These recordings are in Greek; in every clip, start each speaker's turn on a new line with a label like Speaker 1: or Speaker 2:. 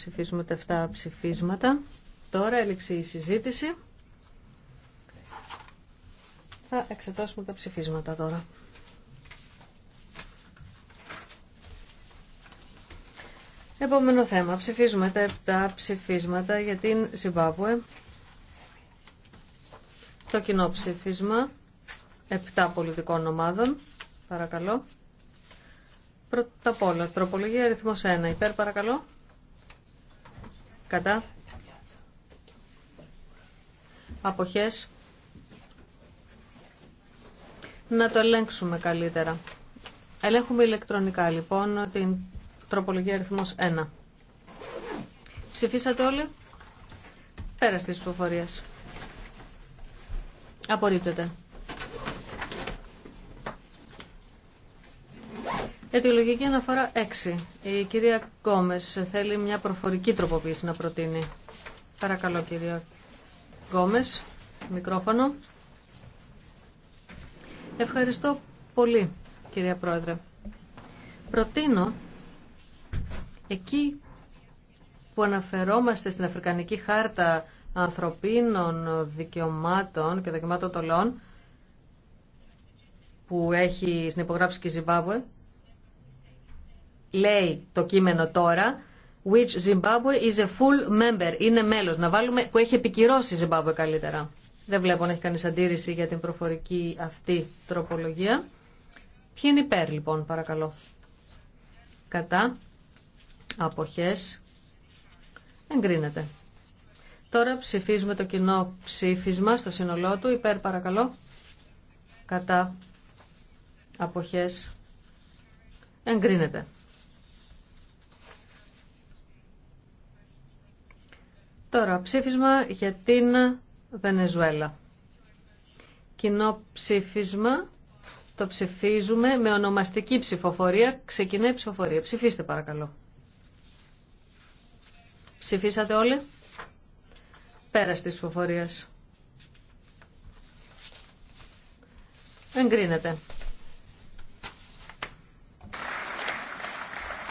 Speaker 1: Ψηφίσουμε τα 7 ψηφίσματα. Τώρα έληξε η συζήτηση. Θα εξετάσουμε τα ψηφίσματα τώρα. Επόμενο θέμα. Ψηφίζουμε τα 7 ψηφίσματα για την Ζιμπάμπουε. Το κοινό ψήφισμα 7 πολιτικών ομάδων. Παρακαλώ. Πρώτα απ' όλα, τροπολογία αριθμός 1. Υπέρ παρακαλώ κατά αποχές να το ελέγξουμε καλύτερα. Ελέγχουμε ηλεκτρονικά λοιπόν την τροπολογία αριθμός 1. Ψηφίσατε όλοι. Πέρα της ψηφοφορίας. Απορρίπτεται. Αιτιολογική αναφορά 6. Η κυρία Γκόμες θέλει μια προφορική τροποποίηση να προτείνει. Παρακαλώ κυρία Γκόμες, μικρόφωνο. Ευχαριστώ πολύ κυρία Πρόεδρε. Προτείνω εκεί που αναφερόμαστε στην Αφρικανική Χάρτα Ανθρωπίνων Δικαιωμάτων και Δικαιωμάτων Τολών που έχει στην υπογράψη και η Ζιμπάμπουε, λέει το κείμενο τώρα, which Zimbabwe is a full member, είναι μέλος, να βάλουμε που έχει επικυρώσει Zimbabwe καλύτερα. Δεν βλέπω να έχει κανείς αντίρρηση για την προφορική αυτή τροπολογία. Ποιοι είναι υπέρ λοιπόν παρακαλώ. Κατά. Αποχές. Εγκρίνεται. Τώρα ψηφίζουμε το κοινό ψήφισμα στο σύνολό του. Υπέρ παρακαλώ. Κατά. Αποχές. Εγκρίνεται. Τώρα, ψήφισμα για την Βενεζουέλα. Κοινό ψήφισμα. Το ψηφίζουμε με ονομαστική ψηφοφορία. Ξεκινάει η ψηφοφορία. Ψηφίστε παρακαλώ. Ψηφίσατε όλοι. Πέρα της ψηφοφορίας. Εγκρίνεται.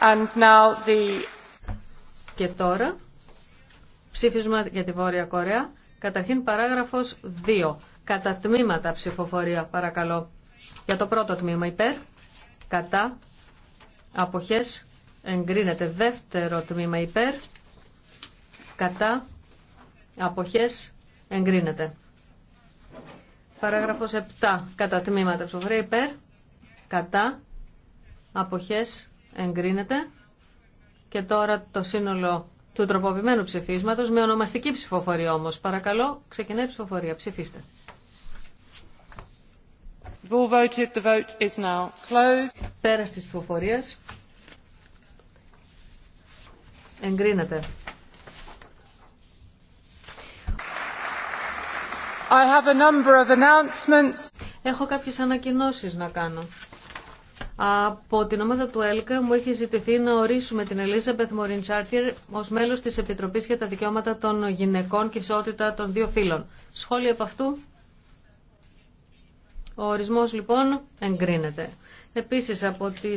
Speaker 1: And now the... Και τώρα Ψήφισμα για τη Βόρεια Κορέα. Καταρχήν παράγραφος 2. Κατά τμήματα ψηφοφορία, παρακαλώ. Για το πρώτο τμήμα υπέρ, κατά, αποχές, εγκρίνεται. Δεύτερο τμήμα υπέρ, κατά, αποχές, εγκρίνεται. Παράγραφος 7. Κατά τμήματα ψηφοφορία υπέρ, κατά, αποχές, εγκρίνεται. Και τώρα το σύνολο του τροποποιημένου ψηφίσματος με ονομαστική ψηφοφορία όμως. Παρακαλώ, ξεκινάει η ψηφοφορία. Ψηφίστε. The vote is της ψηφοφορίας. Εγκρίνεται. I have a of Έχω κάποιες ανακοινώσεις να κάνω. Από την ομάδα του ΕΛΚΑ μου έχει ζητηθεί να ορίσουμε την Ελίζα Μωρίν Τσάρτιερ ω μέλο τη Επιτροπή για τα Δικαιώματα των Γυναικών και Ισότητα των Δύο Φύλων. Σχόλια από αυτού. Ο ορισμό λοιπόν εγκρίνεται. Επίση από τι